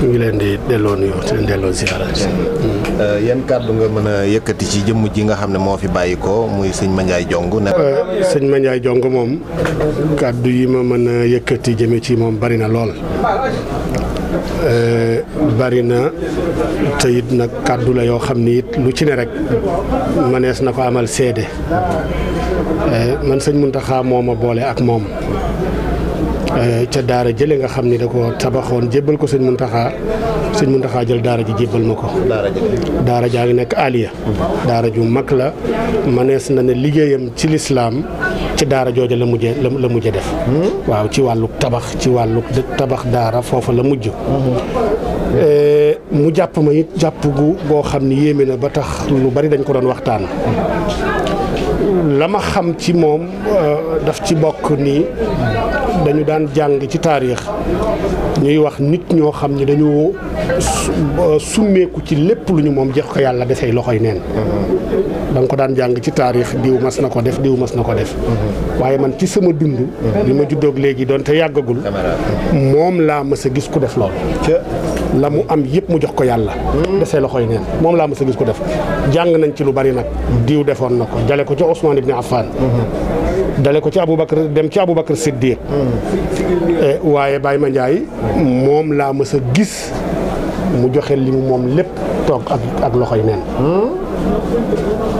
ñu ngi leen di delloo nuyoo di leen delloo ziara. Euh, yan kàddu nga mën a yëkkati ci jëmm ji nga xam ne moo fi bàyyi ko muy sëñ Mandiaye Diong. Euh, sëñ Mandiaye Diong moom kàddu yi ma mën a yëkkati jëme ci moom bari na lool. Euh, bari na te it nag kàddu la yoo xam ni it lu ci ne rek mënees na ko amal seede man sëñ Muntaxa moo ma boole ak moom. Euh, ca daara jële nga xam ni da ko tabaxoon jébbal ko sëñ Muntaxa sëñ Muntaxa jël daara ji jébbal ma ko daara jaa ngi nekk aliya daara ju mag la manees na ne liggéeyam ci lislaam ci daara jooja la mujje la mujje def hmm? waaw ci wàllu tabax ci wàllu tabax daara foofa la mujj hmm. euh, mu jàpp ma jàpp gu goo xam ni yéeme na ba tax lu bari dañ ko doon waxtaan hmm. la ma xam ci moom euh, daf ci bokk nii dañu daan jàng ci taarix ñuy wax nit ñoo xam ne dañu summeeku ci lépp lu ñu moom jeex ko yàlla defee loxoy neen da ko daan jàng ci taarix diw mas na ko def diw mas na ko def waaye man ci sama dund li ma juddoog léegi doonte yàggagul moom laa mës a gis ku def loolu la mu am yëpp mu jox ko yàlla desee loxoy neen moom laa mës a gis ko def jàng nañ ci lu bari nag diw defoon na ko jale ko ci Ousmane ibn Affan dale ko ci Aboubacar dem ci Aboubacar Siddiq eh, waaye baay ma Mandiaye moom laa mës a gis mu joxe li mu moom lépp toog ak ak loxoy neen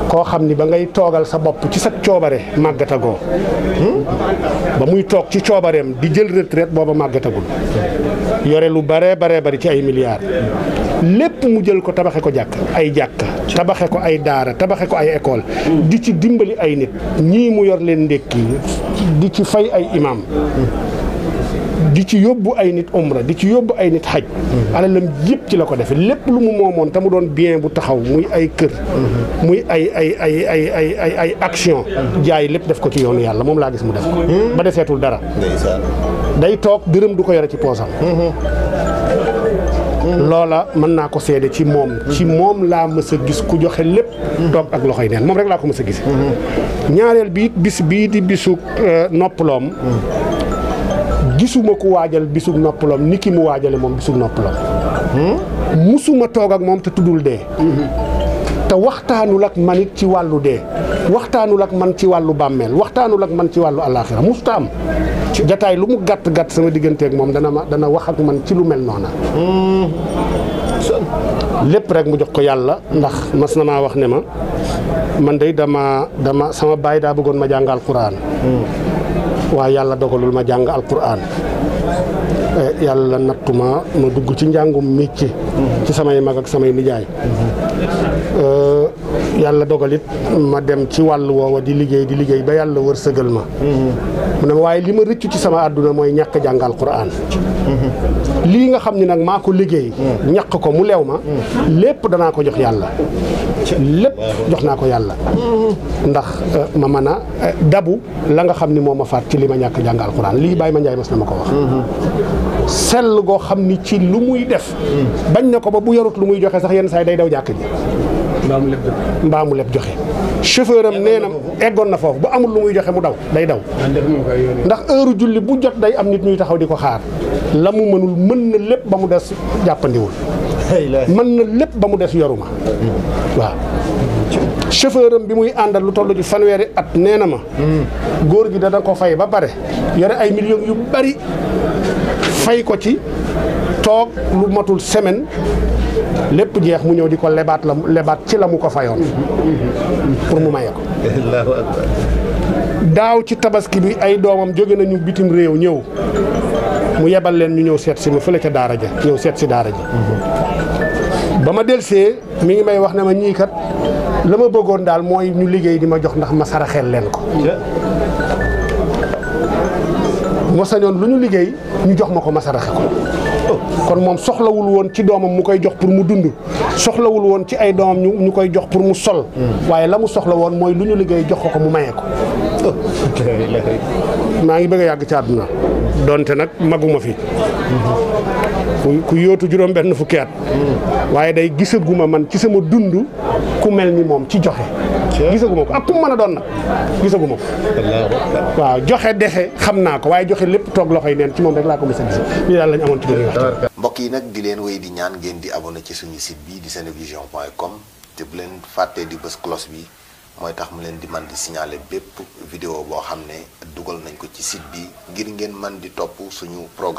koo xam ni ba ngay toogal sa bopp ci sa coobare màggatagoo hmm? ba muy toog ci coobareem di jël retraite booba màggatagul yore lu bare bare bari ci ay milliards lépp mu jël ko tabaxe ko jàkk ay jàkk tabaxe ko ay daara tabaxe ko ay école di ci dimbali ay nit ñii mu yor leen ndékki di ci fay ay imam di ci yóbbu ay nit umra di ci yóbbu ay nit xaj alalam yëpp ci la ko defe lépp lu mu moomoon te mu doon bien bu taxaw muy ay kër muy ay ay ay ay ay ay ay action jaay lépp def ko ci yoonu yàlla moom laa gis mu def ko ba deseetul dara day toog dërëm du ko yore ci poosam loola mën naa ko seede ci moom ci moom laa mës a gis ku joxe lépp toog ak loxoy neen moom rek laa ko mës a gis ñaareel bi bis bii di bisu noppaloom gisuma ko wadjal bisug noppolam niki mu mu mom moom noppolam hmm musuma tok ak mom te tuddul dee te waxtanu lak manit ci walu dee waxtanu lak man ci walu bammel waxtanu lak man ci walu alakhirah mustam ci jotaay lu mu gatt gatt sama ak mom dana dana wax ak man ci lu mel hmm lepp rek mu jox ko yalla ndax mas nama wax ne ma man day dama dama sama baye da bëggon ma jàngal Quran. waaye yàlla dogalul ma jàng alquran eh, yàlla nattuma ma dugg ci njàngum métier mm-hmm. ci samay mag ak samay nijaay mm-hmm. eh, yàlla dogalit ma dem ci wàll woowa di liggéey di liggéey ba yàlla wërsëgal ma mm-hmm. mu ne waaye li ma rëccu ci sama àdduna mooy ñàkk jàng alquran lii nga xam ni nag maa ko liggéey mm. ñàkk ko mu lew ma mm. lépp danaa ko jox yàlla lépp jox naa ko yàlla ndax euh, ma mën a euh, dabu la nga xam ni moom ma faat ci li ma ñàkk jàng alxuraan lii Baye Mandiaye mas na ma ko wax sell goo xam ni ci lu muy def mm. bañ na ko ba bu yorut lu muy joxe sax yenn saay day daw jàkk ji mbaamu leb joxe chauffeur am nee na eggoon na foofu bu amul lu muy joxe mu daw day daw ndax heure julli bu jot day am nit ñuy taxaw di ko xaar la mu mënul mën na lépp ba mu des jàppandiwul mën na lépp ba mu des yoruma waaw chauffeur am bi muy àndal lu toll ji fanweeri at nee na ma góor gi dana ko fay ba pare yore ay millions yu bari fay ko ci toog lu matul semaine lépp jeex mu ñëw di ko lebaat la lebaat ci la mu ko fayoon pour mu maye ko daaw ci tabaski bi ay doomam jóge nañu bitim réew ñëw mu yebal leen ñu ñëw seet si ma fële ca daara ja ñëw seet si daara ji ba ma delsee mi ngi may wax ne ma ñiikat la ma bëggoon daal mooy ñu liggéey di ma jox ndax ma saraxeel leen ko ma lu ñu liggéey ñu jox ma ko ma saraxe ko kon moom soxlawul woon ci doomam mu koy jox pour mu dund soxlawul woon ci ay doomam ñu ñu koy jox pour mu sol hmm. waaye la mu soxla woon mooy lu ñu liggéey jox ko ko mu mayee ko maa ngi bëgg a yàgg ci àdduna donte nag maguma fi hmm. ku yootu juróom benn fukki at waaye day gisaguma man ci sama dund ku mel ni moom ci joxe gisaguma ko ak ku mën a doon nag gisaguma ko waaw joxe dexe xam naa ko waaye joxe lépp toog loxoy neen ci moom rek laa ko mos a gis lii mbokk yi nag di leen wéy di ñaan ngeen di abonné ci suñu site bi di seen point com te bu leen fàttee di bës cloche bi mooy tax mu leen di man di signaler bépp vidéo boo xam ne dugal nañ ko ci site bi ngir ngeen man di topp suñu programme